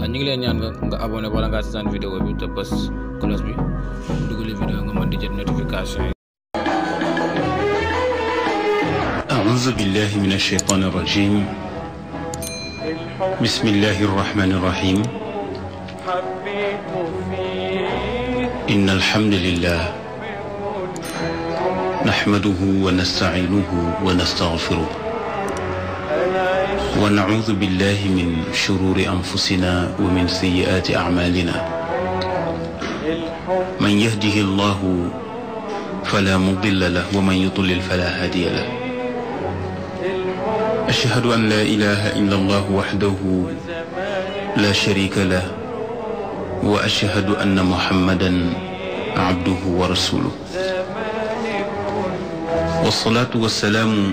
أعوذ بالله من الشيطان الرجيم بسم الله الرحمن الرحيم إن الحمد لله نحمده ونستعينه ونستغفره ونعوذ بالله من شرور أنفسنا ومن سيئات أعمالنا من يهده الله فلا مضل له ومن يضلل فلا هادي له أشهد أن لا إله إلا الله وحده لا شريك له وأشهد أن محمدا عبده ورسوله والصلاة والسلام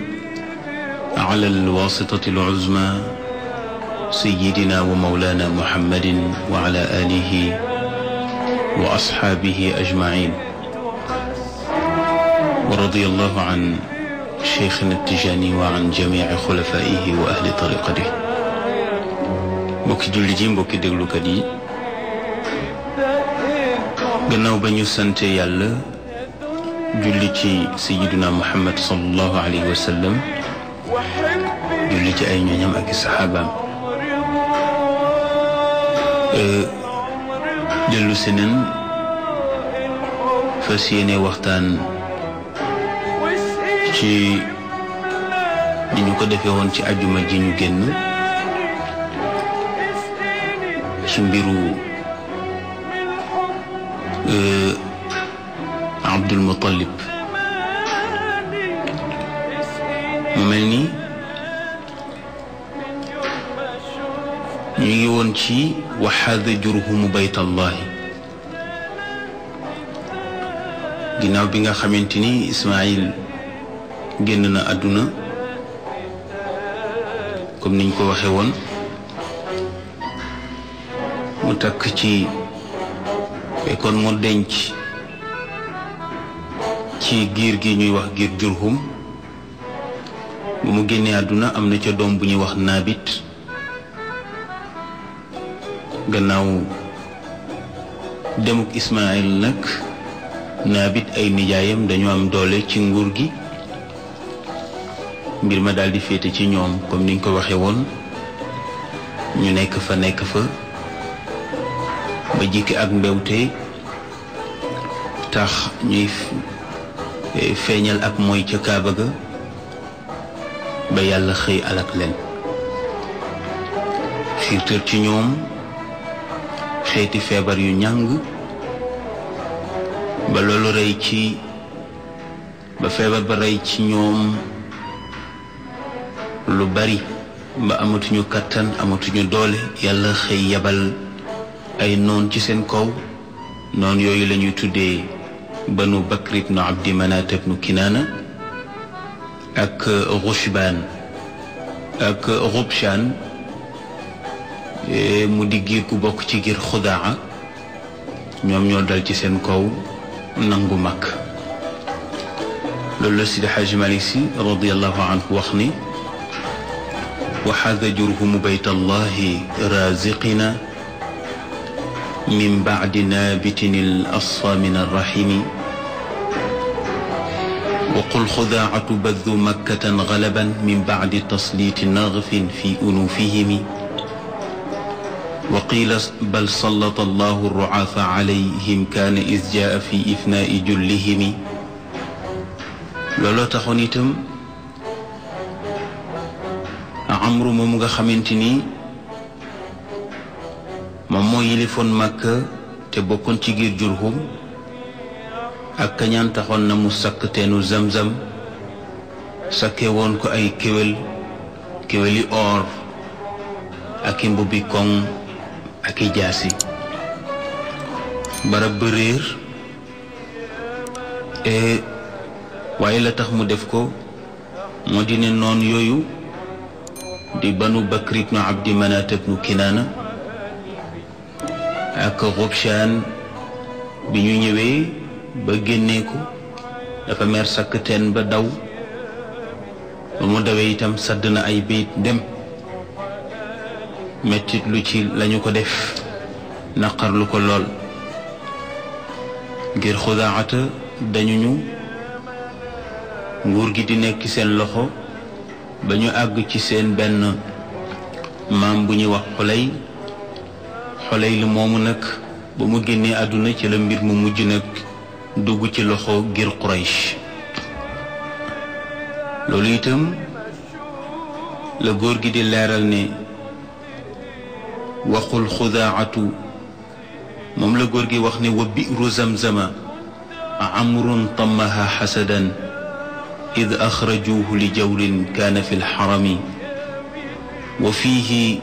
على الواسطة العزمى سيدنا ومولانا محمد وعلى آله وأصحابه أجمعين ورضي الله عن شيخنا التجاني وعن جميع خلفائه وأهل طريقته بكدل جيم بكدل كدي جنوب يسنتي يال جلتي سيدنا محمد صلى الله عليه وسلم julli ci ay ñoñam ak i saxaabaam euh, dellu si nen fas yéene waxtaan ci ni ko defe woon ci ajuma ji ñu génn ci mbiru euh, Abdul Muttalib mu mel ni ñu ngi woon ci waxaada jurhumu baytallahi ginnaaw bi nga xamante ni Ismaayil génn na àdduna comme niñ ko waxe woon mu takk ci fekkoon mu denc ci giir gi ñuy wax giir jurhum bu mu génnee àdduna am na ca doom bu ñuy wax naabit gannaaw demuk Ismaayil nag naabit ay nijaayam dañu am doole ci nguur gi mbir ma daldi féete ci ñoom comme niñ ko waxee woon ñu nekk fa nekk fa ba jikki ak mbewte tax ñuy feeñal ak mooy ca Kaaba ga ba yàlla xëy alak leen xiirtal ci ñoom xeeti feebar yu ñàng ba loolu rey ci ba feebar ba rey ci ñoom lu bari ba amatuñu kattan amatuñu doole yàlla xëy yabal ay noon ci seen kaw noon yooyu lañuy tuddee banu bakrit nu abdi manaat ibnu kinaana اك غشبان اك غبشان إيه، مو ديغي نعم، نعم، كو بوك تي غير خداعا نيوم نيو دال تي سين كو نانغو ماك لولا سيد حاج ماليسي رضي الله عنه وخني وحذجرهم بيت الله رازقنا من بعد نابت الأصفى من الرحيم الخذاعة بذوا مكة غلبا من بعد تسليط ناغف في أنوفهم وقيل بل سلط الله الرعاف عليهم كان إذ جاء في إفناء جلهم لولا تخونيتم عمرو ممغا خمنتني ممو يلفون مكة تبقون تجير جرهم ak kañaan taxoon na mu sakk teenu zamzam sakke woon ko ay kéwél kéwéli or ak i mbubbi koŋ ak i jaasi barab ba réer e waaye la tax mu def ko moo di ne noon yooyu di banu bakri ibnu abdi manaat ibnu kinaana ak xubshaan bi ñu ñëwee ba génnee ko dafa mer sakk teen ba daw ba mu dawee itam sadd na ay bayit dem mettit lu ci lañu ko def naqarlu ko lool ngir xudaata dañu ñu nguur gi di nekk seen loxo ba ñu àgg ci seen benn maam bu ñuy wax xolay xolay li moomu nag ba mu génnee àdduna ci la mbir mu mujj nag دوغ تي لوخو غير قريش لوليتم لا غور غي دي ليرال ني وقل خذاعه موم لا غور واخني وبي روزمزما عمرو طمها حسدا اذ اخرجوه لجول كان في الحرم وفيه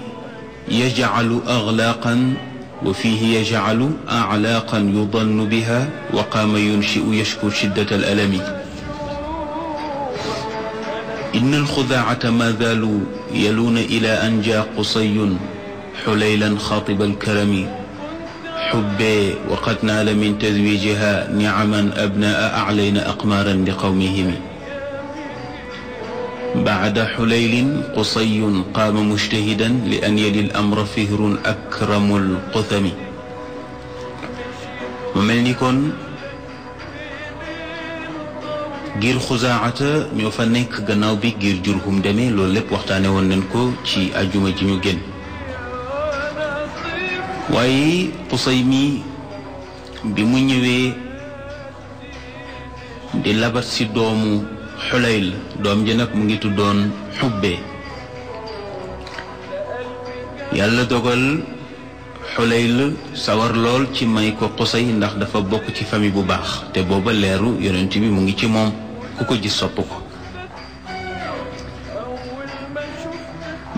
يجعل اغلاقا وفيه يجعل أعلاقا يضن بها وقام ينشئ يشكو شدة الألم إن الخذاعة ما زالوا يلون إلى أن جاء قصي حليلا خاطب الكرم حبي وقد نال من تزويجها نعما أبناء أعلين أقمارا لقومهم بعد حليل قصي قام مجتهدا لأن يلي الأمر فهر أكرم القثم وملني كون giir xusaacata ñoo fa nekk gannaaw bi giir jurhum demee loolu lépp waxtaane woon nañ ko ci ajuma ji ñu génn waaye xusay mi bi mu ñëwee di labat si doomu xulayl doom ji nag mu ngi tuddoon xubbe yàlla dogal xulayl sawar lool ci may ko xusay ndax dafa bokk ci famille bu baax te booba leeru yonent bi mu ngi ci moom ku ko ji sopp ko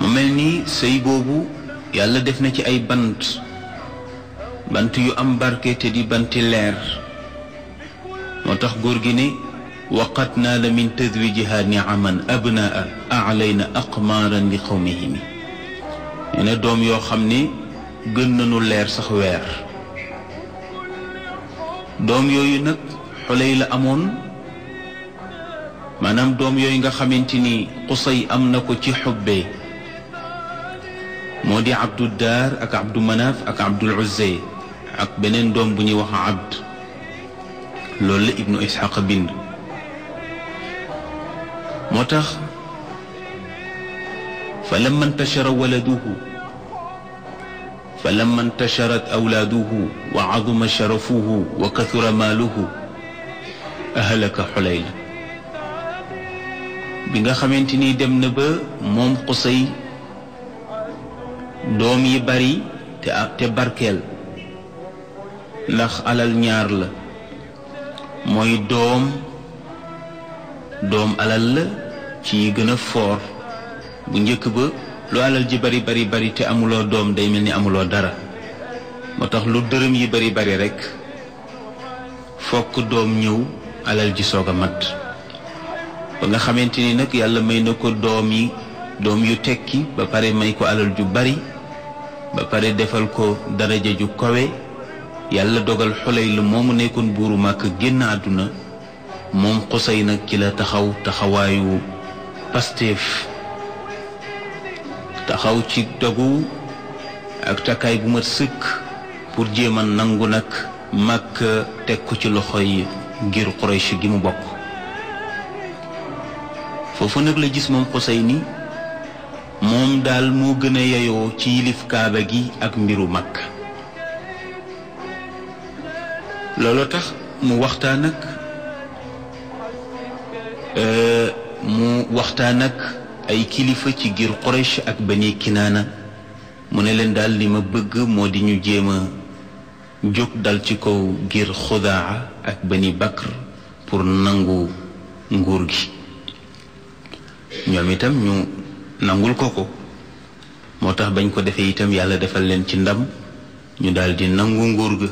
mu mel ni sëy boobu yàlla def na ci ay bant bant yu am barke te di banti leer moo tax góor gi ne وقد نال من تزويجها نعما ابناء اعلينا اقمارا لقومهم ان دوم يو خامني گن نانو لير سخ وير دوم يوي نك حليل امون مانام دوم يوي nga xamanteni قصي امنكو تي حبه مودي عبد الدار اك عبد مناف اك عبد العزي اك بنين دوم بني وخ عبد لول ابن اسحاق بن متخ فلما انتشر ولده فلما انتشرت أولاده وعظم شرفه وكثر ماله أهلك حليل بنغا خمنتني دم نبا موم قصي دومي باري تباركيل لخ على النار موي دوم دوم على الله ci yi gën a foor bu njëkk ba lu alal ji bari bari bari te amuloo doom day mel ni amuloo dara moo tax lu dërëm yi bari bari rekk fokk doom ñëw alal ji soog a mat ba nga xamante ni nag yàlla may na ko doom yi doom yu tekki ba pare may ko alal ju bari ba pare defal ko daraja ju kawe yàlla dogal xulay lu moomu nekkoon buuru màkk génn àdduna moom xusay nag ci taxaw taxawaayu pastéef taxaw ci dogu ak takkaay bu mat sëkk pour jéem a nangu nag màkk teg ko ci loxo yi ngir Quraysh gi mu bokk foofu nag la gis moom ni moom daal moo gën a yeyoo ci yilif kaaba gi ak mbiru màkk looloo tax mu waxtaan ak euh, mu waxtaan ak ay kilifa ci giir Quraysh ak Bani Kinaana mu ne leen daal di ma bëgg moo di ñu jéem a jóg dal ci kow giir Xudaa ak Bani Bakr pour nangu nguur gi ñoom itam ñu nangul ko ko moo tax bañ ko defee itam yàlla defal leen ci ndam ñu daldi nangu nguur ga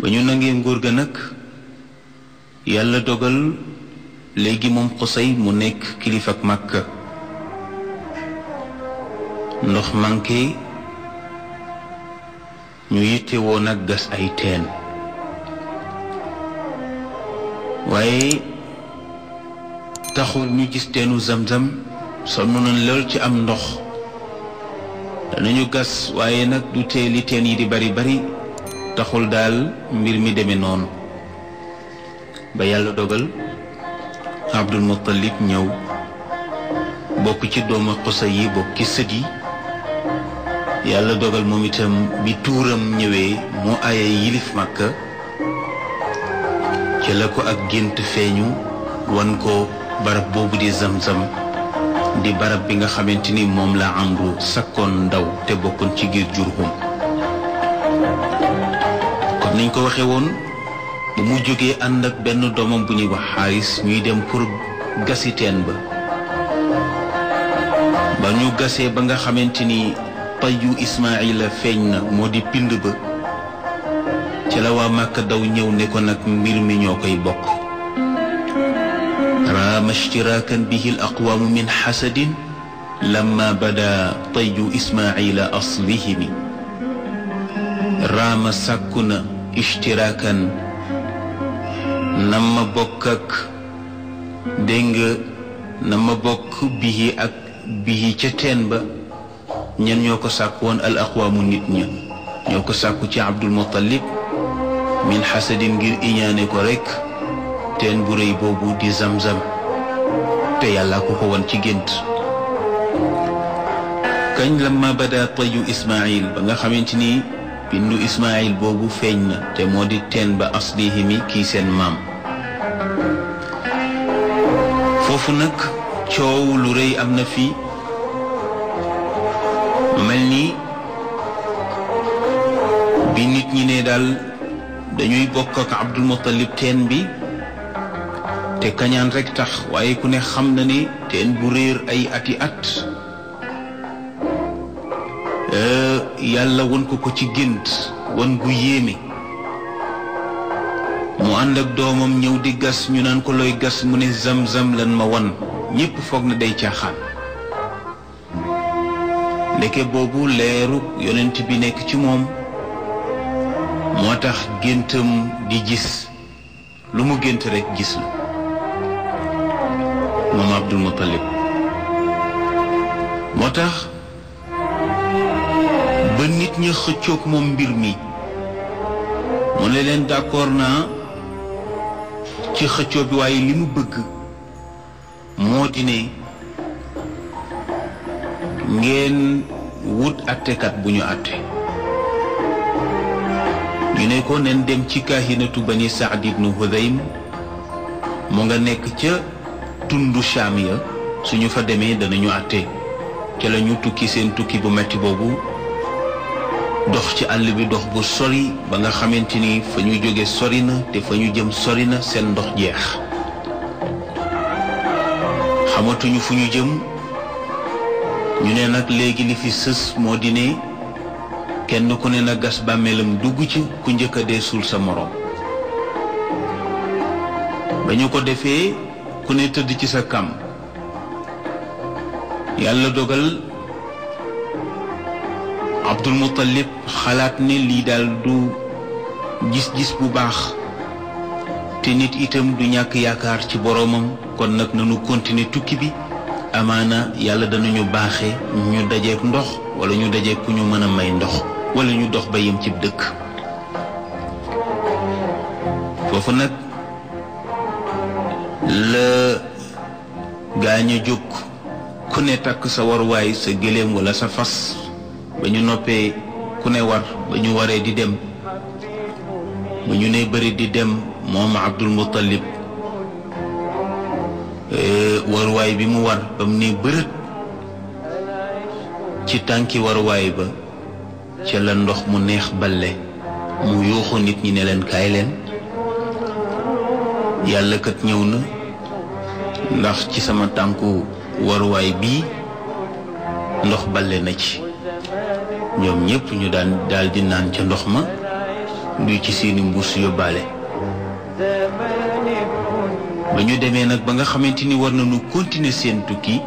ba ñu nangee nguur ga nag yàlla dogal léegi moom xusay mu nekk kilifa ak Makka ndox manqué ñu yitte woon ak gas ay teen waaye taxul ñu gis teenu zamzam sonn nañ lool ci am ndox danañu gas waaye nag du tee li teen yi di bari bari taxul daal mbir mi demee noonu ba yàlla dogal Abdul Muttalib ñëw bokk ci doomu Xusay yi bokk ci yàlla dogal moom itam bi tuuram ñëwee mu aye yilif Makka ci la ko ak gént feeñu wan ko barab boobu di zamzam di barab bi nga xamante ni moom la amru sakkoon ndaw te bokkoon ci giir Jurhum kon niñ ko waxe bu mu jógee ànd benn doomam bu ñuy wax xaaris ñuy dem pour gasi teen ba ba ñu gase ba nga xamante ni tayyu Ismaayila feeñ na moo di pind ba ci la waa Màkka daw ñëw ne ko nag mbir mi ñoo koy bokk raama ishtiraakan bihi al aqwaamu min xasadin lamma bada tayyu Ismaayila aslihimi raama sàkku na ishtiraakan na ma bokk ak dégg nga na bokk bihi ak bihi ca teen ba ñen ñoo ko sàkk woon al aqwaamu nit ña ñoo ko sàkku ci abdul muttalib min xasadin ngir iñaane ko rekk teen bu rëy boobu di zamzam te yàlla ko ko woon ci gént kañ lamma bada tayu ismail ba nga xamante ni bindu ismaayil boobu feeñ na te moo di teen ba aslihi mi kii seen maam foofu nag coow lu rëy am na fi mel ni bi nit ñi ne daal dañuy bokk ak Abdul Muttalib teen bi te kañaan rekk tax waaye ku ne xam na ni teen bu réer ay ati at eh, yàlla won ko ko ci gént won gu yéeme mu ànd ak doomam ñëw di gas ñu naan ko looy gas mu ne zam-zam lan ma won ñépp foog na day caaxaan ndeke boobu leeru yonent bi nekk ci moom moo tax géntam di gis lu mu gént rekk gis la moom Abdul Muttalib moo tax ba nit ña xëccoog moom mbir mi mu ne leen d'accord naa ci xëccoo bi waaye li mu bëgg moo di ne ngeen wut attekat bu ñu atte ñu ne ko nen dem ci kaahinatu bani Saad nu Hudaym mu nga nekk ca tundu Shaam ya suñu fa demee danañu atte ca la tukki seen tukki bu metti boobu dox ci àll bi dox bu sori ba nga xamante ni fa ñu jóge sori na te fa ñu jëm sori na seen ndox jeex xamatuñu fu ñu jëm ñu ne nag léegi li fi sës moo di ne kenn ku ne na gas bàmmeelam dugg ci ku njëkk a dee suul sa moroom ba ko defee ku ne tëdd ci sa kam yàlla dogal Abdul Muttalib xalaat ne lii daal du gis-gis bu baax te nit itam du ñàkk yaakaar ci boroomam kon nag nanu continuer tukki bi amaana yàlla ñu baaxe ñu dajeek ndox wala ñu dajeek ku ñu mën a may ndox wala ñu dox ba yem cib dëkk foofu nag la gaañ jóg ku ne takk sa warwaay sa gëléem wala sa fas ba ñu noppee ku ne war ba ñu waree di dem ba ñu ne bëri di dem moom Abdul Muttalib eh, waruwaay bi mu war ba mu ne bërët ci tànki waruwaay ba ca la ndox mu neex bale mu yuuxu nit ñi ne leen kaay leen yàlla kat ñëw na ndax ci sama tànku waruwaay bii ndox balle na ci ñoom ñëpp ñu daan daldi naan ca ndox ma luy ci seeni mbuus yóbbaale ba ñu demee nag ba nga xamante ni war nañu continuer seen tukki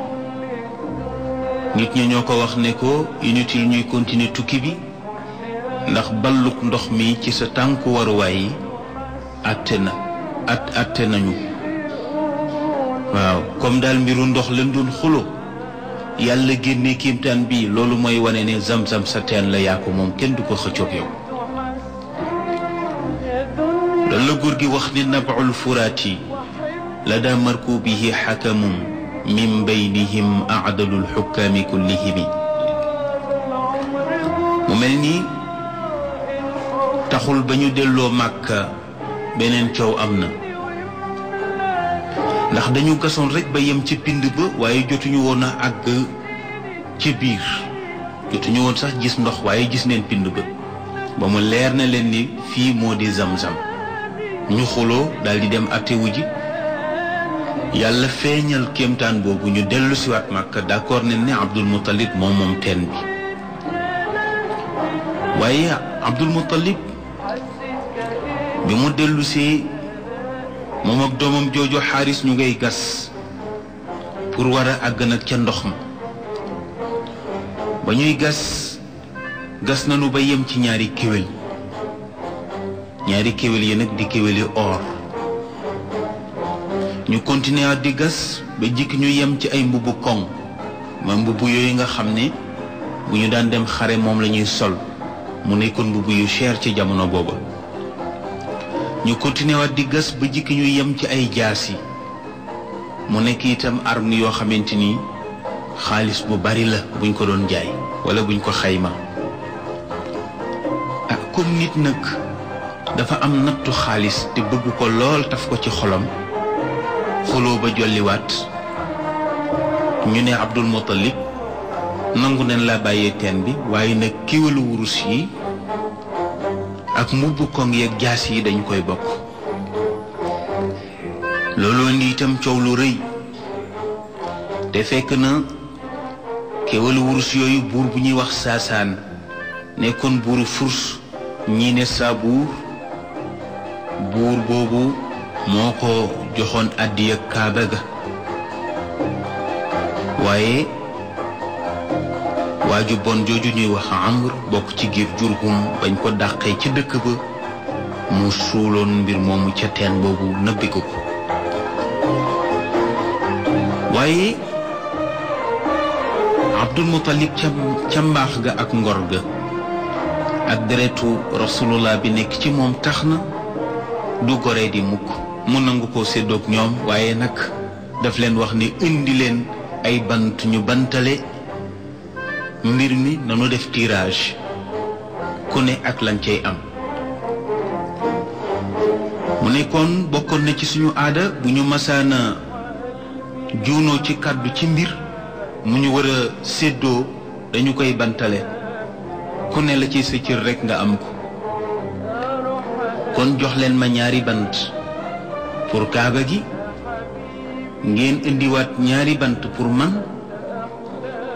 nit ñi ñoo ko wax ne ko inutile ñuy continuer tukki bi ndax balluk ndox mi ci sa tànku waruwaay yi àtte na at àtte nañu waaw comme dal mbiru ndox lañ du xuloo yàlla génne kiimtaan bii loolu mooy wane ne zam-zam sa teen la yaa ko moom kenn du ko xëccoog yow loolu la góor gi wax ni nabaul furaati la daa markubihi xakamun min baynihim acdalul xukkaami kullihimi mu mel nii taxul ba ñu delloo màkka beneen coow am na ndax dañu gasoon rekk ba yem ca pind ba waaye jotuñu woon a àgg ca biir jotuñu woon sax gis ndox waaye gis neen pind ba ba mu leer na leen ni fii moo di zam ñu xuloo daldi dem attewu ji yàlla feeñal kéemtaan boobu ñu dellu siwaat màkk d'accord ne ne Abdul Muttalib moom moom teen bi waaye Abdul Muttalib bi mu dellusee moom ak doomam jooju xaaris ñu ngay gas pour war a àgg nag ca ndox ma ba ñuy gas gas nanu ba yem ci ñaari kéwél ñaari kéwél yi nag di kéwél kéwéli or ñu continuer di gas ba jikk ñu yem ci ay mbubb koŋ ma mbubb yooyu nga xam ni bu ñu daan dem xare moom lañuy sol mu nekkoon mbubb yu cher ci jamono booba ñu continuer waat di gas ba jik ñu yem ci ay jaasi mu nekk itam arme yo xamanteni bu bari la buñ ko doon jaay wala buñ ko xayma ak ah, nit nak, dafa am nattu xaalis te bëgg ko lool taf ko ci xolam xolo ba wat ñu abdul muttalib nangu nañ la wainak ten bi waye nak wurus yi ak mbubb koŋ yeeg jaas yi dañu koy bokk looloo li itam coow lu rëy te fekk na kéwélu wurus yooyu buur bu ñuy wax saasaan nekkoon buuru furs ñii ne saabuur buur boobu moo ko joxoon àddiya kaaba ga waaye waju bon joju ñuy wax amr bok ci giir jurhum bañ ko daxé ci dëkk ba mu suulon mbir momu ci bobu ko abdul mutalib ca mbaax ga ak ngor ga ak deretu rasulullah bi nek ci mom taxna du di mukk mu nangu ko seddok ñom waye nak daf leen wax ni indi leen ay bant ñu bantale mbir mi nanu def tirage ku ne ak lañ cay am mu nekkoon bokkoon na ci suñu aada bu ñu masaana juunoo ci kàddu ci mbir mu ñu war a séddoo dañu koy bantale ku ne la ci sa rekk nga am ko kon jox leen ma ñaari bant pour kaaba gi ngeen indiwaat ñaari bant pour man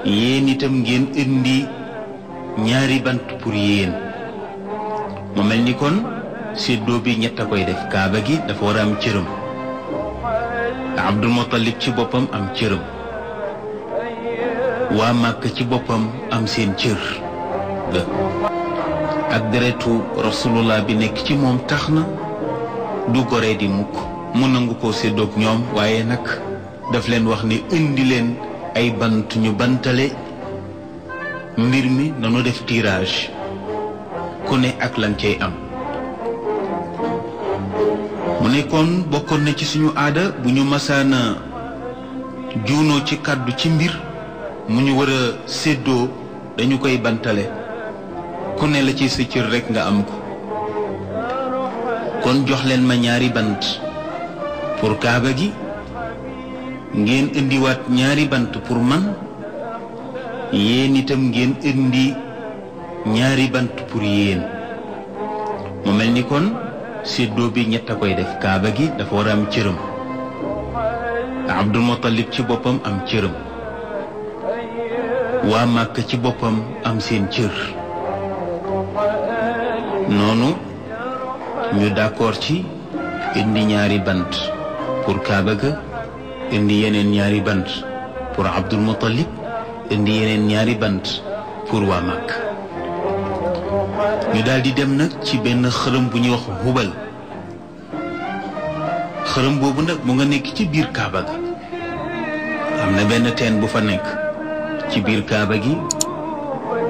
yéen itam ngeen indi ñaari bant pour yéen mu mel ni kon séddoo bi ñett a koy def kaaba gi dafa war a am cërëm Abdul Muttalib ci boppam am cërëm waa Màkk ci boppam am seen cër ga ak deretu rasulullah bi nekk ci moom tax na du goree di mukk mu nangu ko séddoog ñoom waaye nag daf leen wax ni indi leen ay bant ñu bantale mbir mi nanu def tirage ku ne ak lan cay am mu nekkoon bokkoon na ci suñu aada bu ñu masaana juunoo ci kàddu ci mbir mu ñu war a séddoo dañu koy bantale ku ne la ci sa rekk nga am ko kon jox ma ñaari bant pour kaaba gi ngeen indiwaat ñaari bant pour man yéen itam ngeen indi ñaari bant pour yéen mu mel ni kon séddoo bi ñett a koy def kaaba gi dafa war am cërëm Abdul Muttalib ci boppam am cërëm waa Màkk ci boppam am seen cër noonu ñu d'accord ci indi ñaari bant pour kaaba ga indi yeneen ñaari bant pour Abdul Muttalib indi yeneen ñaari bant pour waa Màkk ñu daldi dem nag ci benn xërëm bu ñuy wax Hubal xërëm boobu nag mu nga nekk ci biir Kaaba ga am na benn teen bu fa nekk ci biir Kaaba gi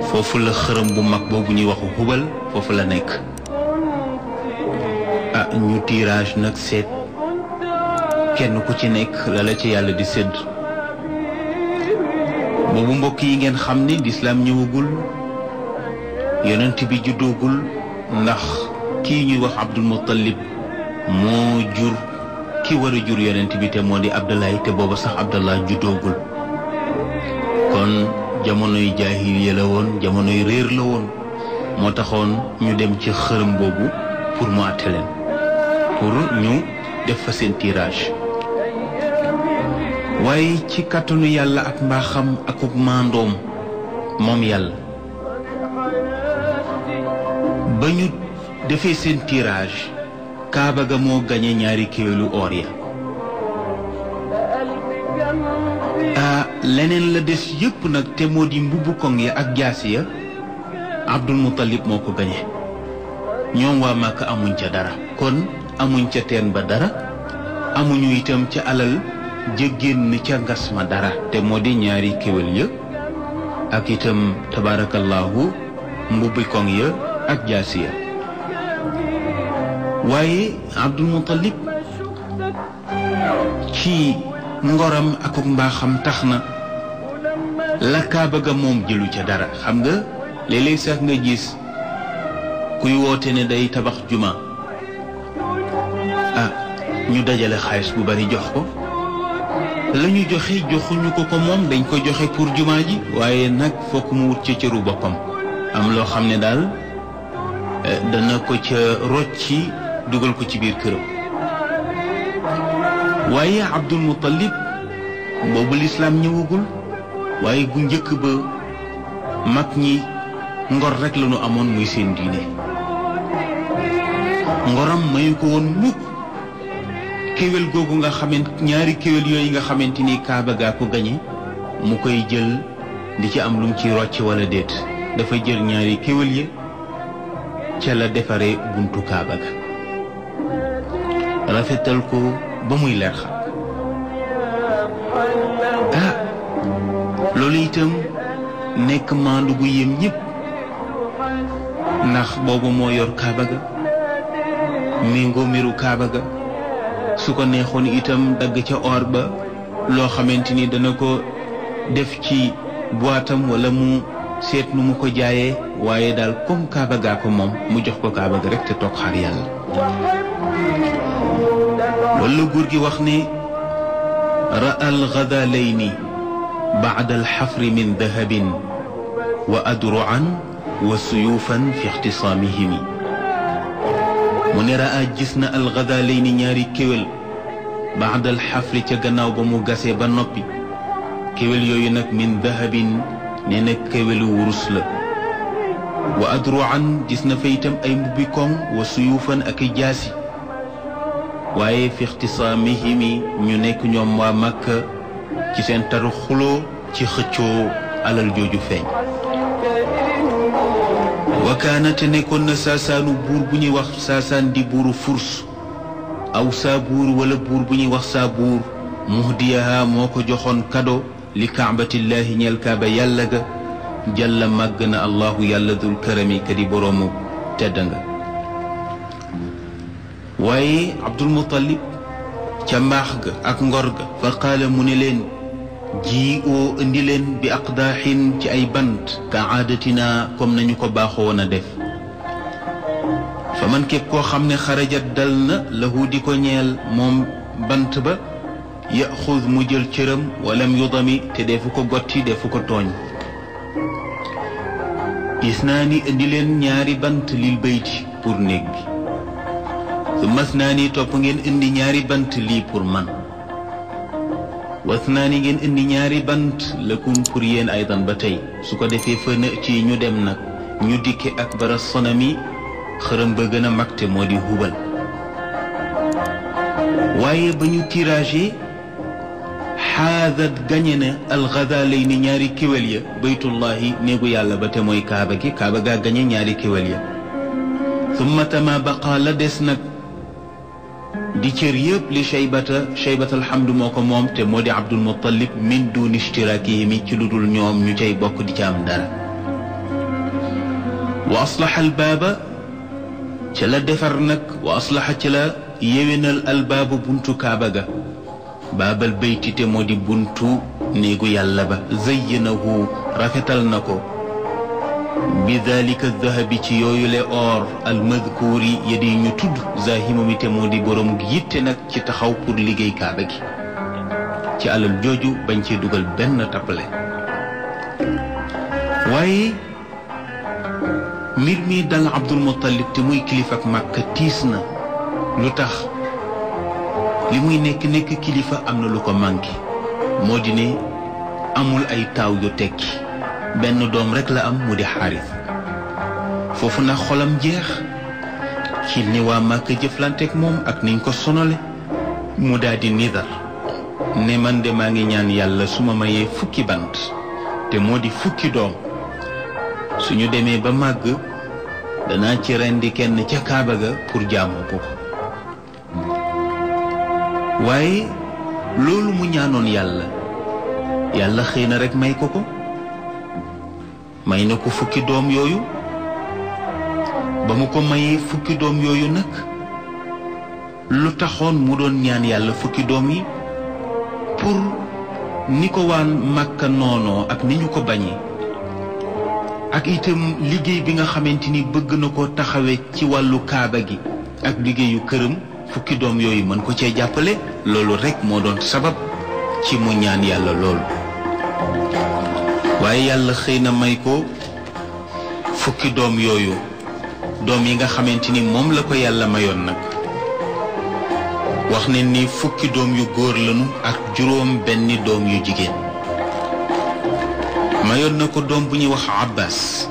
foofu la xërëm bu mag boobu ñuy wax Hubal foofu la nekk ah ñu tirage nag seet kenn ku ci nekk la ci yàlla di sédd boobu mbokk yi ngeen xam ni lislaam ñëwagul yonent bi juddoogul ndax kii ñuy wax Abdul Muttalib moo jur ki war jur yonent bi te moo di Abdallah te booba sax Abdallah juddoogul kon jamonoy jaahiliya la woon jamonoy réer la woon moo taxoon ñu dem ci xërëm boobu pour mu àtte leen pour ñu def fa seen tirage waaye ci kàttanu yàlla ak mbaaxam akub maandoom moom yàlla ba ñu defee seen tirage kaaba ga moo gañe ñaari kéwélu or ya ah leneen la des yépp nag te moo di mbubbu koŋ ya ak jaas ya Abdul Muttalib moo ko gañe ñoom waa Màkka amuñ ca dara kon amuñ ca teen ba dara amuñu itam ca alal jéggéen ni ca ngas ma dara te moo di ñaari kéwél ya ak itam tabaarakallaahu mbubbi ya ak jaasi ya waaye Abdul Muttalib ci ngoram akuk mbaaxam tax na la kaaba moom jëlu ca dara xam nga léeg-léeg nga gis kuy woote ne day tabax juma ah ñu dajale xaalis bu bari jox ko la ñu joxe joxuñu ko ko moom dañ ko joxe pour jumaa ji waaye nag fokk mu wut ca cëru boppam am loo xam ne daal eh, dana ko ca rocci dugal ko ci biir këram waaye Abdul Muttalib boobu lislaam ñëwagul waaye bu njëkk ba mag ñi ngor rek la ñu amoon muy seen diine ngoram mayu ko woon mukk kéwél googu nga xamante ñaari kéwél yooyu nga xamante ni kaaba gaa ko gañe mu koy jël di ci am lum mu ci rocc wala déet dafa jël ñaari kéwél yi ca la defaree buntu kaaba ga rafetal ko ba muy leer xam ah loolu itam nekk maandu gu yem ñëpp ndax boobu moo yor kaaba ga méngoo miru kaaba ga su ko itam dagg ca or ba loo ni dana ko def ci boitam wala mu seet mu ko jaayee waye dal kum kaaba gaa ko mom mu jox ko kaaba ga rek te tok xaar yàlla loolu la gi wax ba'da al-hafr min الحفر wa adru'an wa suyufan fi ihtisamihim منيرا اجسنا الغذالين نياري كيول بعد الحفل تغناو بمو غاسي بانوبي كيول يوينك من ذهبين نينك كيول ورسل وادروعا جسنا فيتم اي مبكم وسيوفا اكي جاسي واي في اختصامهم نينك نيوم وامك جسين ترخلو تخچو على الجوجو فين wakaana te nekkoon na saasaanu buur bu ñuy wax saasaan di buuru furs aw saa walla buur bu ñuy wax saa buur muhdiyaha moo ko joxoon kado li kaabatillaahi ñeel yàlla ga jàlla màgg na allahu yàlla dul karami kadi boroomu tedd nga waaye abdul muttalib ca mbaax ga ak ngor ga fa qaala mu ne leen ji oo indi leen bi aqdaaxin ci ay bant ka aadatina comme nañu ko baaxoo woon a def fa man képp koo xam ne xarajat dal na lahu di ko ñeel moom bant ba yaxud mu jël cëram walla yudami te defu ko gotti defu ko tooñ gis naa ni indi ñaari bant lil bayti pour néeg bi su mas naa ni topp ngeen indi ñaari bant lii pour man wasnaani ngeen indi ñaari bant lakum pour yéen aydan ba tey su ko defee fa ci ñu dem nag ñu dikke ak bara sonami ba gën a mag moo di hubal waaye ba ñu tirage xaadat gañe ni ñaari kéwél ya baytullahi néegu yàlla ba te mooy kaaba gi kaaba ñaari kéwél ya summa tama baqaa la des nag di cër yëpp li cheybata cheybat alhamdu moo ko moom te moo di abdul muttalib min duni ishtirakihimi ci lu dul ñoom ñu cay bokk di ca am dara wa aslaha albaaba ci la defar nag wa aslaha ci la yéwénal albaaba buntu kaaba ga baabal bayti te moo di buntu néegu yàlla ba zayyanahu rafetal na ko bi dalika dahabi ci yooyule or almadkuuri ya di ñu tudd zahima mi te moo di borom yitte nag ci taxaw pour liggéey kaaba gi ci alal jooju bañ cee dugal benn tappale waaye mbir mi dal Abdul Muttalib te muy kilifa ak Màkka tiis na lu tax li muy nekk nekk kilifa am na lu ko manqué moo di amul ay taaw yu tekki benn doom rekk la am mu di xaaris foofu nag xolam jeex ci ni waa Màkka jëflanteek moom ak niñ ko sonole mu daldi nidar ne man de maa ngi ñaan yàlla su ma mayee fukki bant te moo di fukki doom suñu demee ba màgg danaa ci rendi kenn ca kaaba ga pour jaamu ko waaye loolu mu ñaanoon yàlla yàlla xëy na rekk may ko ko may na ko fukki doom yooyu ba mu ko mayee fukki doom yooyu nag lu taxoon mu doon ñaan yàlla fukki doom yi pour ni ko waan màkka noonoo ak ni ñu ko bañee ak itam liggéey bi nga xamante ni bëgg na ko taxawee ci wàllu kaaba gi ak liggéeyu këram fukki doom yooyu mën ko cee jàppale loolu rekk moo doon sabab ci mu ñaan yàlla loolu waaye yàlla xëy na may ko fukki doom yooyu doom yi nga xamante ni moom la ko yàlla mayoon nag wax ne ni fukki doom yu góor lañu ak juróom benni doom yu jigéen mayoon na ko doom bu ñuy wax Abbas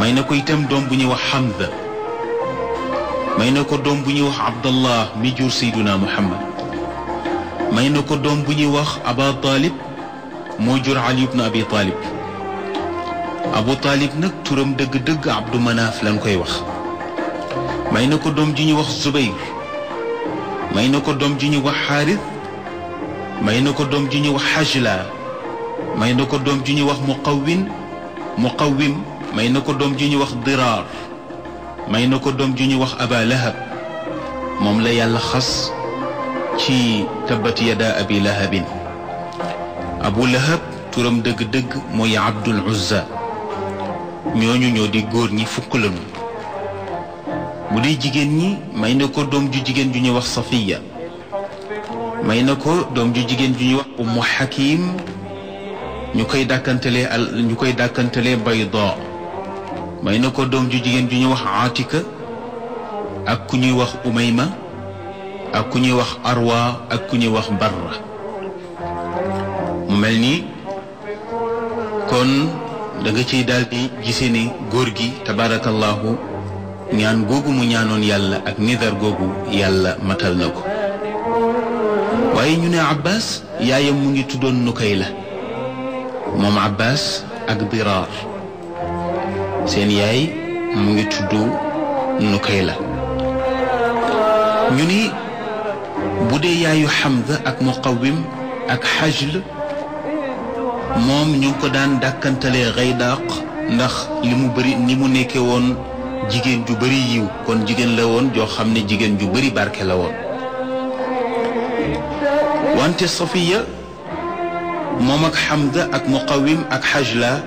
may na ko itam doom bu ñuy wax Hamza may na ko doom bu ñuy wax Abdallah mi jur Seyduna Muhammad موجر علي بن ابي طالب ابو طالب نك تورم دغ دغ عبد مناف لان كوي واخ ماي نكو دوم جي ني واخ زبير ماي نكو دوم جي ني واخ حارث ماي نكو دوم جي ني واخ حجلا ماي نكو دوم جي ني واخ مقوين مقوم ماي نكو دوم جي ني واخ ضرار ماي نكو دوم جي ني واخ ابا لهب موم لا يالا خاص تي تبت يدا ابي لهب abu lahab turam dëgg-dëgg mooy abdul uzza ñooñu ñoo di góor ñi fukk lañu bu dee jigéen ñi may na ko doom ju jigéen ju ñuy wax safiya may na ko doom ju jigéen ju ñuy wax ummu hakim ñu koy dàkkantalee al ñu koy dàkkantalee bayda may na ko doom ju jigéen ju ñuy wax atika ak ku ñuy wax umayma ak ku ñuy wax arwa ak ku ñuy wax barra mu mel ni kon danga ci daldi daal di góor gi tabaarakallaahu ñaan googu mu ñaanoon yàlla ak nidar googu yàlla matal na ko waaye ñu ne Abbas yaayam mu ngi tuddoon Nukayla moom Abbas ak Diraar seen yaay mu ngi tudd Nukayla ñu ni bu dee yaayu Hamza ak Muqawwim ak Hajl moom ñu ko daan dàkkantalee Xaydaq ndax li mu bari ni mu nekke woon jigéen ju bari yiw kon jigéen la woon joo xam ne jigéen ju bari barke la woon wante Safiya moom ak Hamza ak Muqawim ak Hajla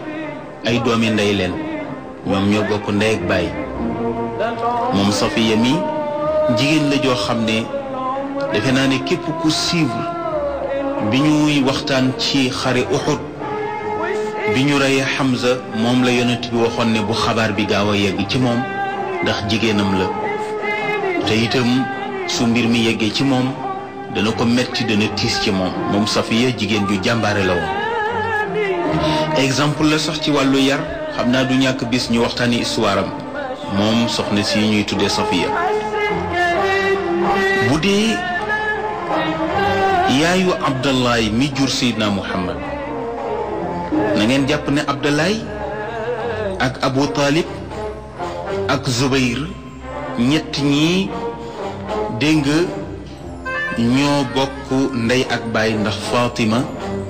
ay doomi ndey leen ñoom ñoo bokk ndey ak baay moom Safiya mi jigéen la joo xam ne defe naa ne képp ku suivre bi ñuy waxtaan ci xare Uhud bi ñu reyee Hamza moom la yonent bi waxoon ne bu xabaar bi gaaw a yegg ci moom ndax jigéenam la te itam su mbir mi yeggee ci moom dana ko metti dana tiis ci moom moom Safiya jigéen ju jàmbaare la woon exemple la sax ci wàllu yar xam naa du ñàkk bis ñu waxtaani histoire am moom soxna si ñuy tuddee Safiya bu dee yaayu Abdallahi mi jur Seydina Muhammad na ngeen jàpp ne Abdalaay ak Abu Talib ak Zubayr ñett ñii dégg nga ñoo bokk ndey ak baay ndax Fatima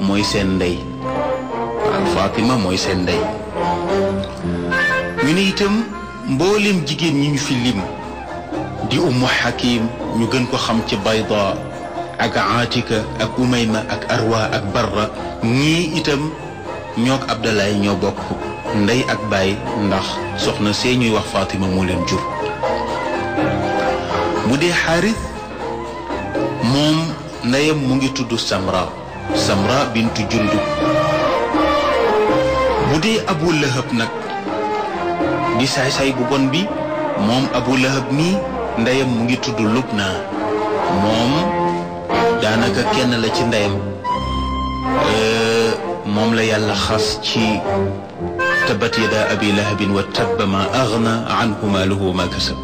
mooy seen ndey waaw Fatima seen ndey ñu ne itam mboolem jigéen ñi ñu fi lim di Ummu Hakim ñu gën ko xam ci Bayda ak Atika ak Umayma ak Arwa ak Barra ñii itam ñok abdallah ño ndai ndey ak bay ndax soxna señuy wax fatima mo leen jur bu harith mom ndeyam mu ngi tuddu samra samra bint jundu bu abou lahab nak di say say bu bon bi mom abou lahab ni ndeyam mu ngi tuddu lubna mom danaka kenn la ci ndeyam euh, moom la yàlla xas ci tabbat yada abi lahabin wa tabba ma agna anhu maaluhu wa ma kasab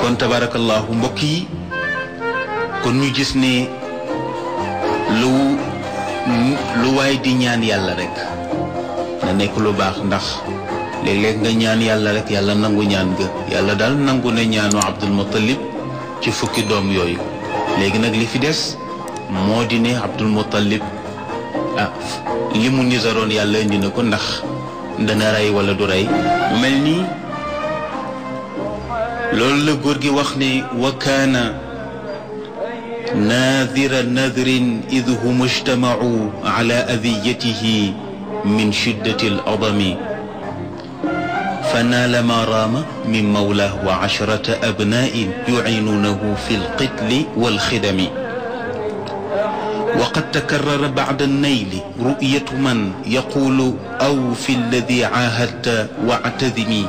kon tabaarakallaahu mbokk yi kon ñu gis ne lu lu waay di ñaan yàlla rek na nekk lu baax ndax léeg-léeg nga ñaan yàlla rek yàlla nangu ñaan yàlla daal nangu ne ñaanu Abdul Muttalib ci fukki doom yooyu léegi nag li fi des moo di ne Abdul Muttalib limu ah, nizaron yalla indi nako ndax dana ray wala du ray melni lol le gor ناذر نذر إذ هم اجتمعوا على أذيته من شدة الأضم فنال ما رام من مولاه وعشرة أبناء يعينونه في القتل والخدم وقد تكرر بعد النيل رؤية من يقول أوف الذي عاهدت واعتذمي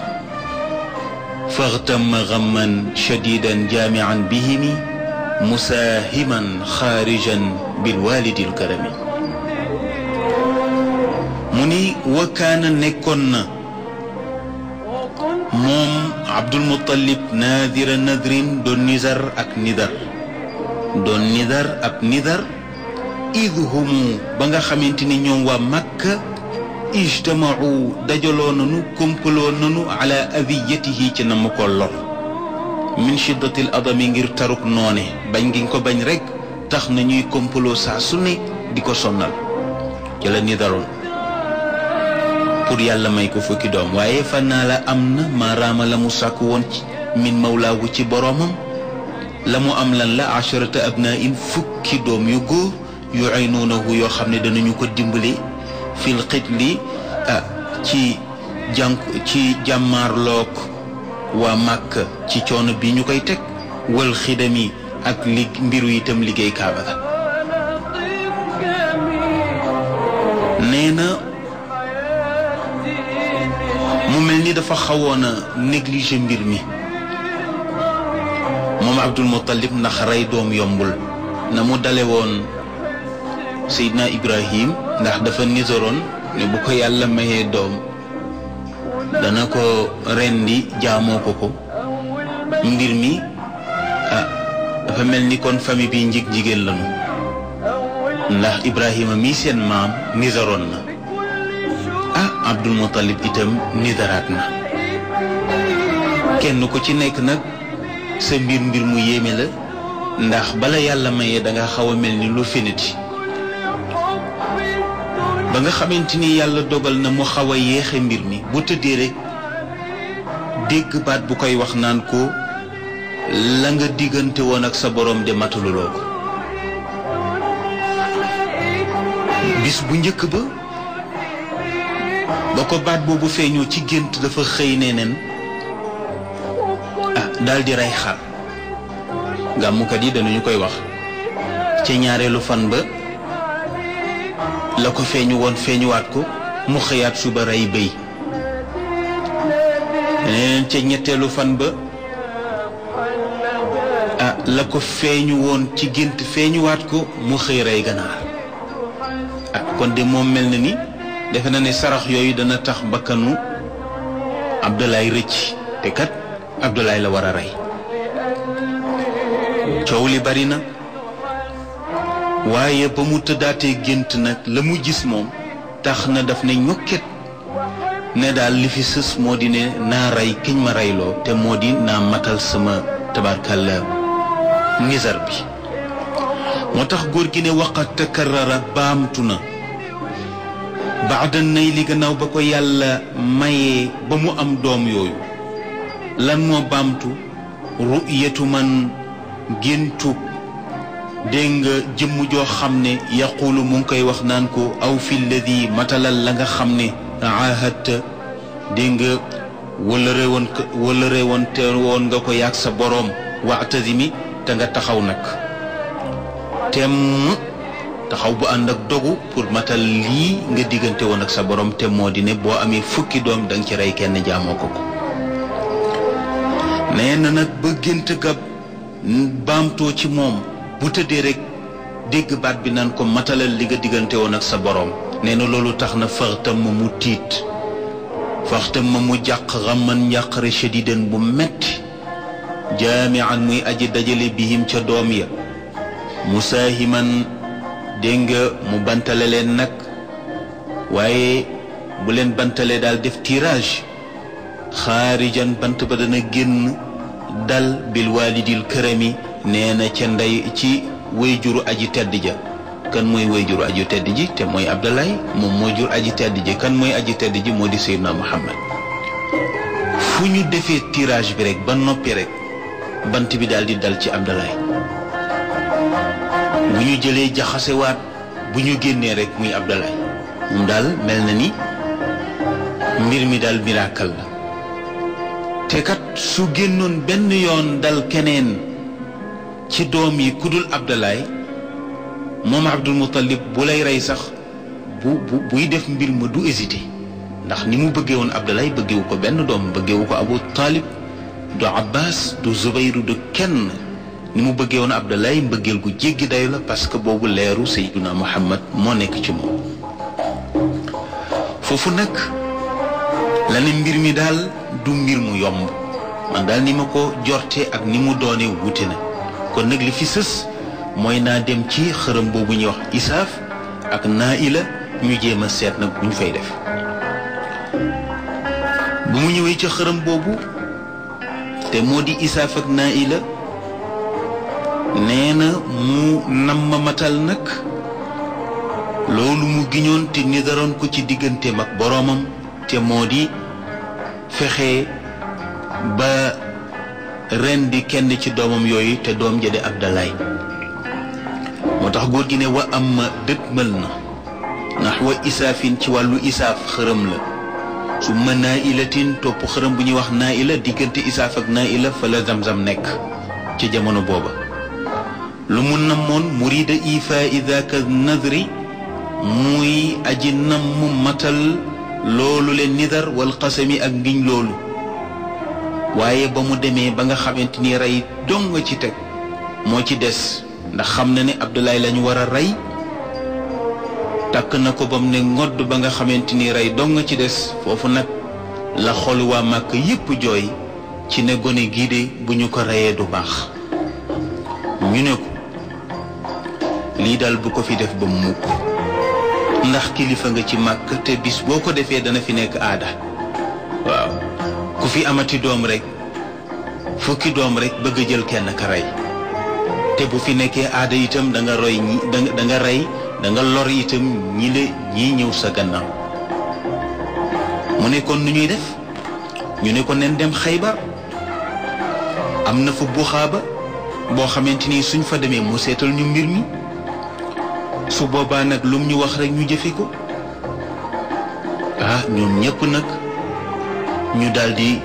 فاغتم غما شديدا جامعا بهم مساهما خارجا بالوالد الكرم مني وكان نكون موم عبد المطلب ناذر نذر دون نذر أك نذر دون نذر أك نذر idhumu ba nga xamante ni ñoom waa Makka ijtamau dajaloo nanu komkaloo nanu ala adiyatihi ci na mu ko lor min shiddatil adami ngir taruk noone bañ ngiñ ko bañ rekk tax nañuy ñuy komkaloo saa su ne di ko sonnal ci la ni daroon pour yàlla may ko fukki doom waaye fan naa la am na maaraama la mu sàkk woon ci min mawlaawu ci boroomam la mu am lan la asharata abnaa in fukki doom yu góor يعينونه يو خامني دا نيو كو ديمبلي في القتل تي جان تي جمار لوك وا مكه تي تيون بي نيو كاي تك والخدمي اك لي مبيرو يتم ليغي كابا نينا مو ملني دا فا خاوانا نيغليجي مبيرمي مام عبد المطلب نخ دوم يومبل نمو داليوون Seydina Ibrahim ndax dafa niseroon ne bu ko yàlla mayee doom dana ko rendi jaamoo ko ko mbir mi ah dafa mel ni kon famille bi njig jigéen lañu ndax Ibrahima mii seen maam niseroon na ah Abdul Muttalib itam niseraat na kenn ku ci nekk nag sa mbir mbir mu yéeme la ndax bala yàlla mayee danga xaw a mel ni lu finiti ba nga xamante ni yàlla dogal na mu xaw a yéexe mbir mi bu tëddee rek dégg baat bu koy wax naan ko la nga diggante woon ak sa borom de matululoo ko bis bu njëkk ba ba ko baat boobu feeñoo ci gént dafa xëy ne neen ah daal di rey xar gàmmukat yi danañu koy wax ca ñaareelu fan ba la ko feeñu woon feeñuwaat ko mu xëyaat suba rey béy leneen eh, ca ñetteelu fan ba ah la ko feeñu woon ci gént feeñuwaat ko mu xëy rey ganaar ah kon de moom mel na ni defe na ne sarax yooyu dana tax bakkanu Abdoulaye rëcc te kat Abdoulaye la war a rey coow li bari na waaye ba mu tëddaatee gént nag la mu jis moom tax na daf ne ñokket ne daal li fi sës moo di ne naa rey kiñ ma reyloo te moo di naa matal sama tabarkalla nizar bi moo tax góor gi ne waqat takarrara baamtu na baada nay li gannaaw ba ko yàlla mayee ba mu am doom yooyu lan moo baamtu ru'yatu man géntub dégg nga jëmm joo xam ne yaqulu mu ngi koy wax naan ko aw fi lladi matalal la nga xam ne ahatta dégg nga wala réewoon wala te woon nga ko yàgg sa boroom waxtazimi te nga taxaw nag temm taxaw bu ànd ak dogu pour matal lii nga diggante woon ak sa boroom te moo di ne boo amee fukki doom danga ci rey kenn jaamoo ko ko nee na nag bëggante gab baamtoo ci moom bu tëddee rek dégg baat bi naan ko matalal li nga diggante woon ak sa borom nee na loolu tax na faxtam ma mu tiit faxtam ma mu jàq xaman njàqare shadidan bu metti jaamian muy aji dajale bihim ca doom ya musaahiman dégg nga mu bantale leen nag waaye bu leen bantale daal def tirage xaarijan bant ba dana génn dal bil waalidil kërami nee na ca ndey ci wayjuru aji tedd ja kan mooy wayjuru aji tedd ji te mooy Abdoulaye moom mooy jur aji tedd ji kan mooy aji tedd ji moo di Seydina Muhammad fu ñu defee tirage bi rek ba noppi rek bant bi daal di dal ci Abdoulaye bu ñu jëlee jaxasewaat bu ñu génnee rek muy Abdoulaye moom daal mel na ni mbir mi daal miracle la te kat su génnoon benn yoon dal keneen ci doom yi ku dul Abdalaay moom Abdul Muttalib bu lay rey sax bu bu buy def mbir ma du hésité ndax ni mu bëggee woon Abdalaay bëggewu ko benn doom bëggewu ko Abu Talib du Abbas du Zubayru du kenn ni mu bëggee woon Abdalaay mbëggeel gu jéggi day la parce que boobu leeru Seydina Muhammad moo nekk ci moom foofu nag la ne mbir mi daal du mbir mu yomb man daal ni ma ko jorte ak ni mu doone wuute na kon nag li fi sës mooy naa dem ci xërëm boobu ñuy wax isaaf ak naa ila ñu jéem a seet nag bu ñu fay def bu mu ñëwee ci xërëm boobu te moo di isaaf ak naa ila nee na mu nam matal nag loolu mu giñoon te ni daroon ko ci digganteem ak boroomam te moo di fexe ba ren di kenn ci doomam yooyu te doom jëde Abdalaay moo tax góor gi ne wa am ma dëtmal na ndax wa isaafin ci wàllu isaaf xërëm la su ma naa ilatin topp xërëm bu ñuy wax naa ila diggante isaaf ak naa ila fa la zam-zam nekk ci jamono booba lu mu namoon murida ifa idaka nadri muy aji namm matal loolu leen nidar wal xasami ak ngiñ loolu waaye ba mu demee ba nga xamante ni rey dong ci teg moo ci des ndax xam na ne Abdoulaye lañu war a rey takk na ko ba mu ne ngodd ba nga xamante ni rey dong ci des foofu nag la xol waa màkk yépp jooy ci ne gone gii de bu ñu ko reyee du baax ñu ne ko lii daal bu ko fi def ba mukk ndax kilifa nga ci màkk te bis boo ko defee dana fi nekk aada waaw ku fi amati doom rek fukki doom rekk bëgg jël kenn ka rey te bu fi nekkee aada itam da rey da nga lor itam ñi la ñiy ñëw sa gannaaw mu nekkoon kon nu ñuy def ñu ne ko nen dem Xaybar am na fa buxaaba boo xamante ni suñ fa demee mu seetal ñu mbir mi su boobaa nag lum ñu wax rek ñu jëfi ko ah ñoom ñëpp nag. ñu daldi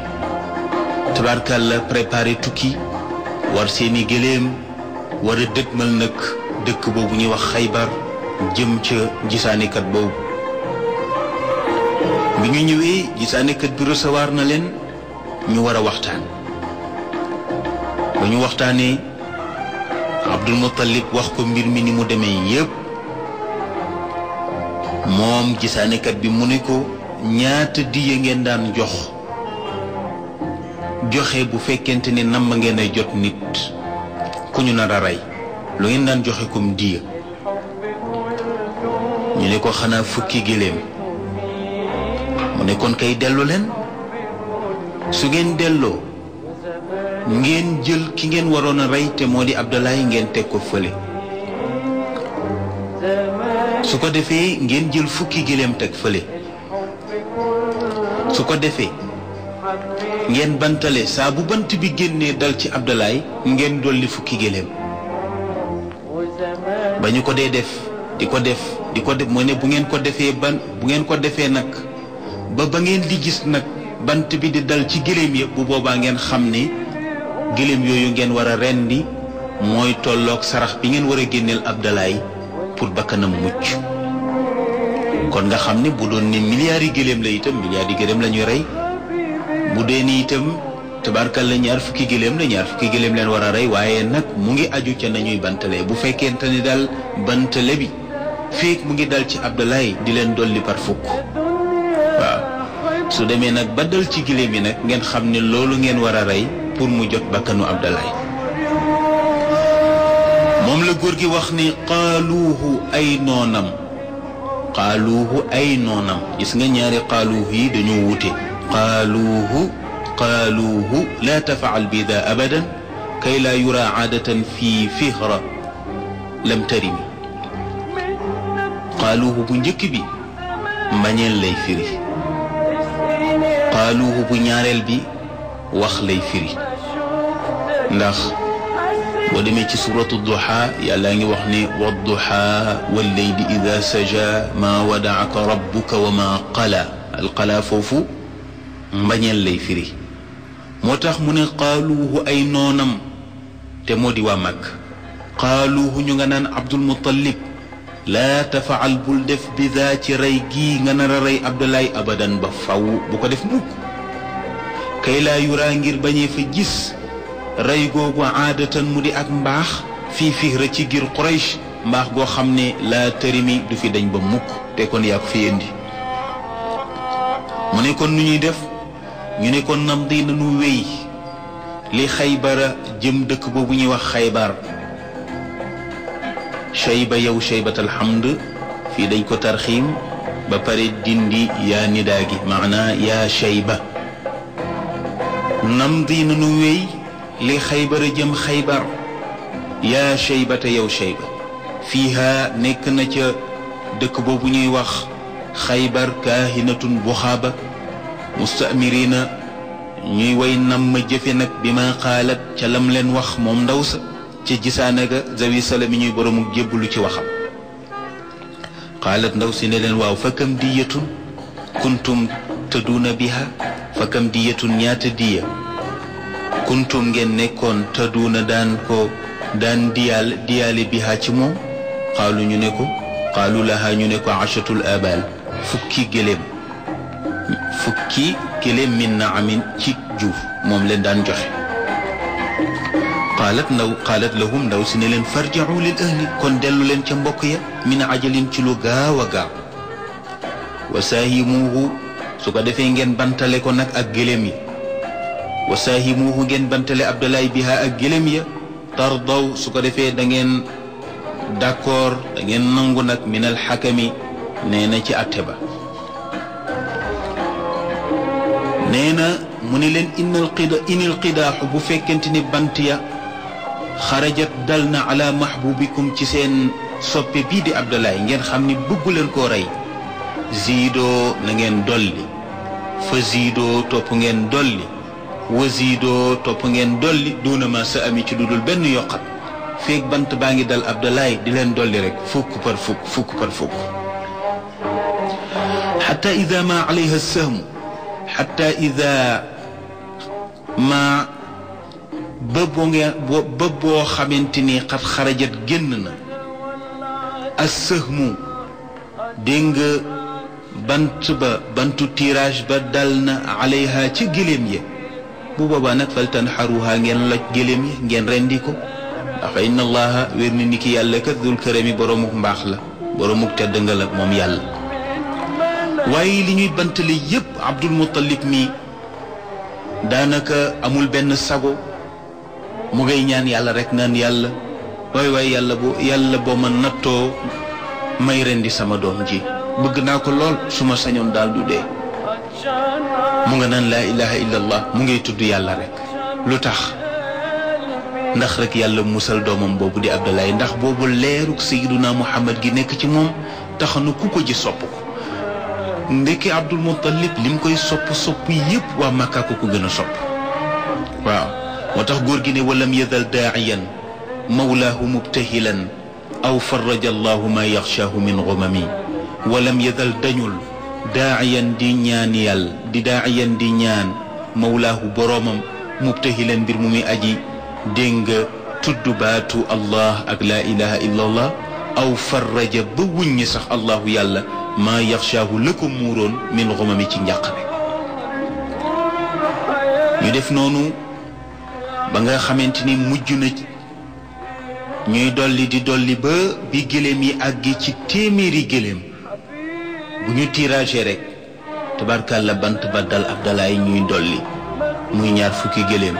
la préparé tukki war seeni géléem war a dëgmal nag dëkk boobu ñuy wax xaybar jëm ca gisaanikat boobu bi ñu ñëwee gisaanikat bi recevoir na leen ñu war a waxtaan ba ñu waxtaanee Abdul Muttalib wax ko mbir mi ni mu demee yépp moom gisaanikat bi mu ni ko ñaata diye ngeen daan jox joxe bu fekkente ne namm ngeen ay jot nit ku ñu na a rey lu ngeen daan joxe comme diya ñu ne ko xanaa fukki giléem mu ne kon kay dellu leen su ngeen delloo ngeen jël ki ngeen waroon a rey te moo di Abdoulaye ngeen teg ko fële su ko defee ngeen jël fukki giléem teg fële su ko defee ngeen bantale sa bu bant bi génnee dal ci abdallah ngeen dolli fukki gelem. bañu ko dé def di def di def mo né bu ngeen ko défé ban bu ngeen ko défé nak ba ba ngeen di gis nak bant bi di dal ci ya bu boba ngeen xam gelem yoyu ngeen rendi moy tolloog sarax bi ngeen wara gennel abdallah pour bakanam mucc kon nga xam ne bu doon ne milliards yi la itam milliards ray bu dee ni itam tabarkal la ñaar fukki giléem la ñaar fukki giléem leen war a rey waaye nag mu ngi aju ca nañuy bantale bu fekkente ni daal bantale bi feek mu ngi dal ci Abdoulaye di leen dolli par fukk waaw su demee nag ba dal ci giléem yi nag ngeen xam ne loolu ngeen war a rey pour mu jot bakkanu Abdoulaye moom la góor gi wax ni xaaluuhu ay noonam xaaluuhu ay noonam gis nga ñaari xaaluuhu yi dañoo wuute قالوه قالوه لا تفعل بذا أبدا كي لا يرى عادة في فهرة لم ترمي قالوه بنجكبي من يلي فري قالوه بنيارل بي وخ لي فري نخ ودمي سورة الضحى يالاني وحني والضحى والليل إذا سجى ما ودعك ربك وما قلى القلى فوفو mbañeel lay firi moo tax mu ne xaaluuhu ay noonam te moo di waa mag xaaluuhu ñu nga naan abdul muttalib laa tafaal bul def bidaa ci rey gii nga nar a rey abdulaay abadan ba faw bu ko def mukk kay yuraa ngir bañee fa gis rey googu aadatan mu di ak mbaax fii fihra ci gir quraysh mbaax goo xam ne laa tërimi du fi dañ ba mukk te kon yaa ko indi mu ne kon nu ñuy def ñu ne kon nam day nanu wéy li xaybara jëm dëkk boobu ñuy wax xaybar shayba yow shaybatal hamd fii dañ ko tarxiim ba pare dindi yaa nidaa gi maanaa yaa shayba nam day nanu wéy li xaybara jëm xaybar yaa shaybata yow shayba fiiha nekk na ca dëkk boobu ñuy wax xaybar kaahinatun buxaaba mustamirina ñuy woy nam ma jëfe nag bi ma xaalat ca lam leen wax moom ndaw sa ca jisaana ga zawi sala mi ñuy boroomu lu ci waxam xaalat ndaw si ne leen waaw fakkam diyatun kuntum tëdduna biha fakkam diyatun ñaata diya kuntum ngeen nekkoon tëdduna daan ko daan diyaal diyaale biha ci moom xaalu ñu ne ko xaalu laha ñu ne ko achatul abal fukki gëléem fukki kile min na amin ci juuf moom leen daan joxe qaalat ndaw qaalat lahum ndaw si ne leen farji'u lil ahli kon dellu leen ca mbokk ya min ajalin ci lu gaaw a gaaw wa saahimuuhu su ko defee ngeen bantale ko nag ak gëléem yi wa saahimuuhu ngeen bantale abdalaay biha ak gëléem ya tardaw su ko defee dangeen ngeen d'accord da ngeen nangu nag minal xakami nee ci atte ba nee na mu ne leen innal qida inil qidaaxu bu fekkente ni bant ya xarajat dal na ala mahbubikum ci seen soppe bii di Abdoulaye ngeen xam ni bëggu leen koo rey ziidoo na ngeen dolli fa ziidoo topp ngeen dolli wa ziidoo topp ngeen dolli duuna ma sa ami ci dudul benn yokkat feeg bant baa ngi dal Abdoulaye di leen dolli rek fukk par fukk fukk par fukk xata ida ma alayha sahmu xataa ida ma ba boo boo xamante ni xat xarajat génn na asëhmu dégg nga bant ba bantu tirage ba dal na alayha ci géléem yi bu boobaa nag fal tanxaruha ngeen loj géléem yi ngeen rendi ko ndax inna allaha wér na ni ki yàlla kat dul kërami boromuk mbaax la boromuk tedd nga la moom yàlla waaye li ñuy bantale yépp Abdul Muttalib mii daanaka amul benn sago mu ngay ñaan yàlla rek naan yàlla waay waay yàlla bu yàlla boo ma nattoo may rendi sama doom ji bëgg naa ko lool suma ma sañoon daal du dee mu nga naan laa ilaha illallah mu ngay tudd yàlla rekk lu tax ndax rek yàlla musal doomam boobu di Abdoulaye ndax boobu leeruk Sayyiduna Muhammad gi nekk ci moom tax na ku ko ji sopp ko ndekki Abdul Muttalib lim koy sopp sopp yépp waa Makka ko ko gën a sopp waaw moo tax góor gi ne walam yazal daa'iyan mawlaahu mubtahilan aw faraja allahu ma yaxshaahu min gumami walam yazal dañul daa'iyan di ñaan yàlla di daa'iyan di ñaan mawlaahu boroomam mubtahilan mbir mu mi aji dégg nga tudd baatu allah ak laa ilaha illa aw faraja ba wuññi sax allahu yàlla maa yaxshaahu la ko muuroon min xumami ci njàq bi ñu def noonu ba nga xamante ni mujj na ñuy dolli di dolli ba bi gëléem yi àggi ci téeméeri gëléem bu ñu tirage rek tabarkàlla bant ba dal abdalaay ñuy dolli muy ñaar fukki gëléem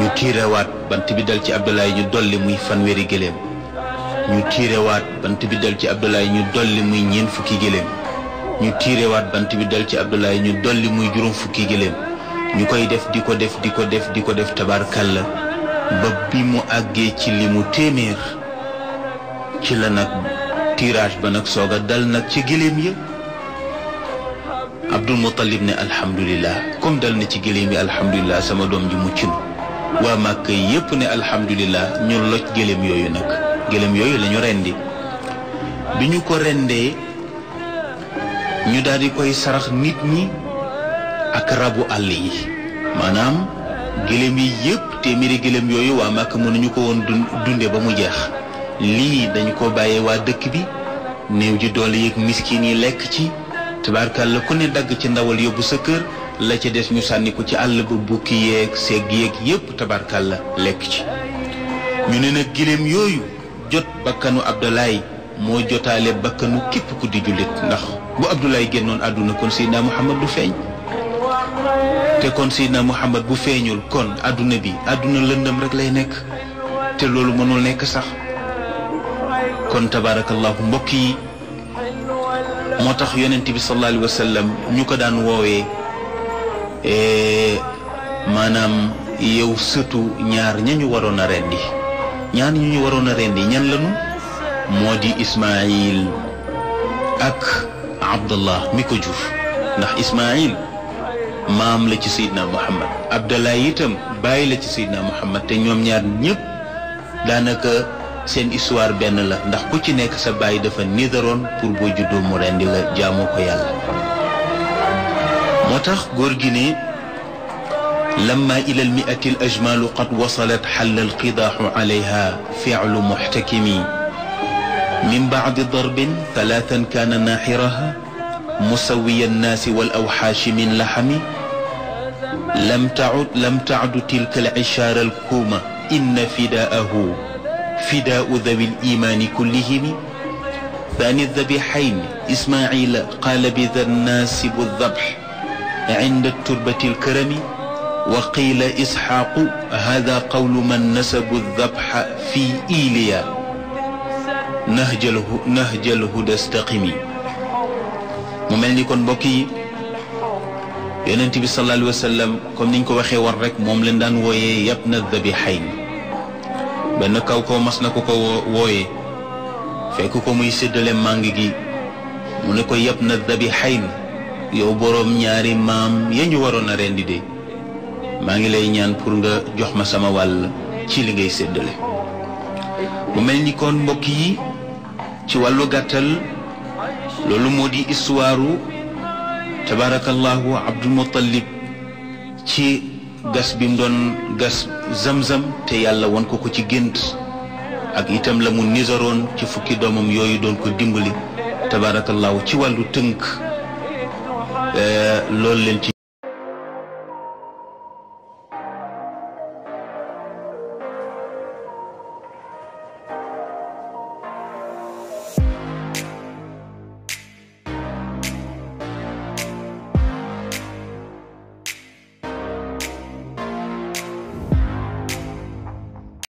ñu tiirawaat bant bi dal ci abdalaay ñu dolli muy fanweeri gëléem ñu tiirewaat bant bi dal ci Abdoulaye ñu dolli muy ñeent fukki gëléem ñu tiirewaat bant bi dal ci Abdoulaye ñu dolli muy juróom fukki gëléem ñu koy def di ko def di ko def di ko def tabarkalla ba bi mu àggee ci li mu téeméer ci la nag tirage ba nag soog a dal nag ci gëléem ya Abdul Muttalib ne alhamdulilah comme dal na ci gëléem yi alhamdulilah sama doom ji mucc na waa Màkka yépp ne alhamdulilah ñu loj gëléem yooyu nag gëlëm yooyu lañu rendi bi ñu ko rendee ñu daal koy sarax nit ñi ak rabu àll yi maanaam gëlëm yi yëpp téeméeri gëlëm yooyu waa màkk mënuñu ko woon dunde ba mu jeex lii dañu ko bàyyee waa dëkk bi néew ji doole yeeg miskin yi lekk ci la ku ne dagg ci ndawal yóbbu sa kër la ca des ñu sànni ko ci àll ba bukki yeeg yéeg yeeg yëpp tabaarkàlla lekk ci ñu ne nag giléem yooyu jot bakkanu Abdoulaye moo jotaale bakkanu képp ku di jullit ndax bu Abdoulaye génnoon àdduna kon Seydina Muhammad du feeñ te kon Seydina Muhammad bu feeñul kon àdduna bi àdduna lëndëm rek lay nekk te loolu mënul nekk sax kon tabaarakallahu mbokk yi moo tax yonent bi sallallahu ñu ko daan woowee eh, maanaam yow sëtu ñaar ñu waroon a rendi ñaan ñu ñu waroon a rendi ñan lanu moo di Ismaayil ak Abdallah mi ko jur ndax Ismaayil maam la ci Seydina Muhammad Abdallah itam bàyyi la ci Seydina Muhammad te ñoom ñaar ñëpp daanaka seen histoire benn la ndax ku ci nekk sa bàyyi dafa nidaroon pour boo juddoo mu rendi la jaamoo ko yàlla moo tax góor gi ne لما إلى المئة الأجمال قد وصلت حل القداح عليها فعل محتكم من بعد ضرب ثلاثا كان ناحرها مسوي الناس والأوحاش من لحم لم تعد لم تعد تلك العشار الكومة إن فداءه فداء ذوي الإيمان كلهم ثاني الذبيحين إسماعيل قال بذا الناس بالذبح عند التربة الكرم wa وقيل إسحاق هذا قول من نسبوا الذبح في إيليا نهج اله نهج الهدى استقمي mu mel ni kon mbokk yi yonent bi sallallahu comme niñ ko waxee war rek moom leen daan wooyee yab na dhabihayn benn kaw ko mas na ko ko wooyee fekk ko muy séddale màng gi mu ne ko yab na dhabihayn yow boroom ñaari maam ya ñu waroon a rendi de maa ngi lay ñaan pour nga jox ma sama wàll ci li ngay séddale mu mel ni kon mbokk yi ci wàllu gàttal loolu moo di histoire tabaarakallaahu Abdul Muttalib ci gas bi mu doon gas zamzam te yàlla won ko ko ci gént ak itam la mu nisaroon ci fukki doomam yooyu doon ko dimbali tabaarakallaahu ci wàllu tënk eh, loolu leen ci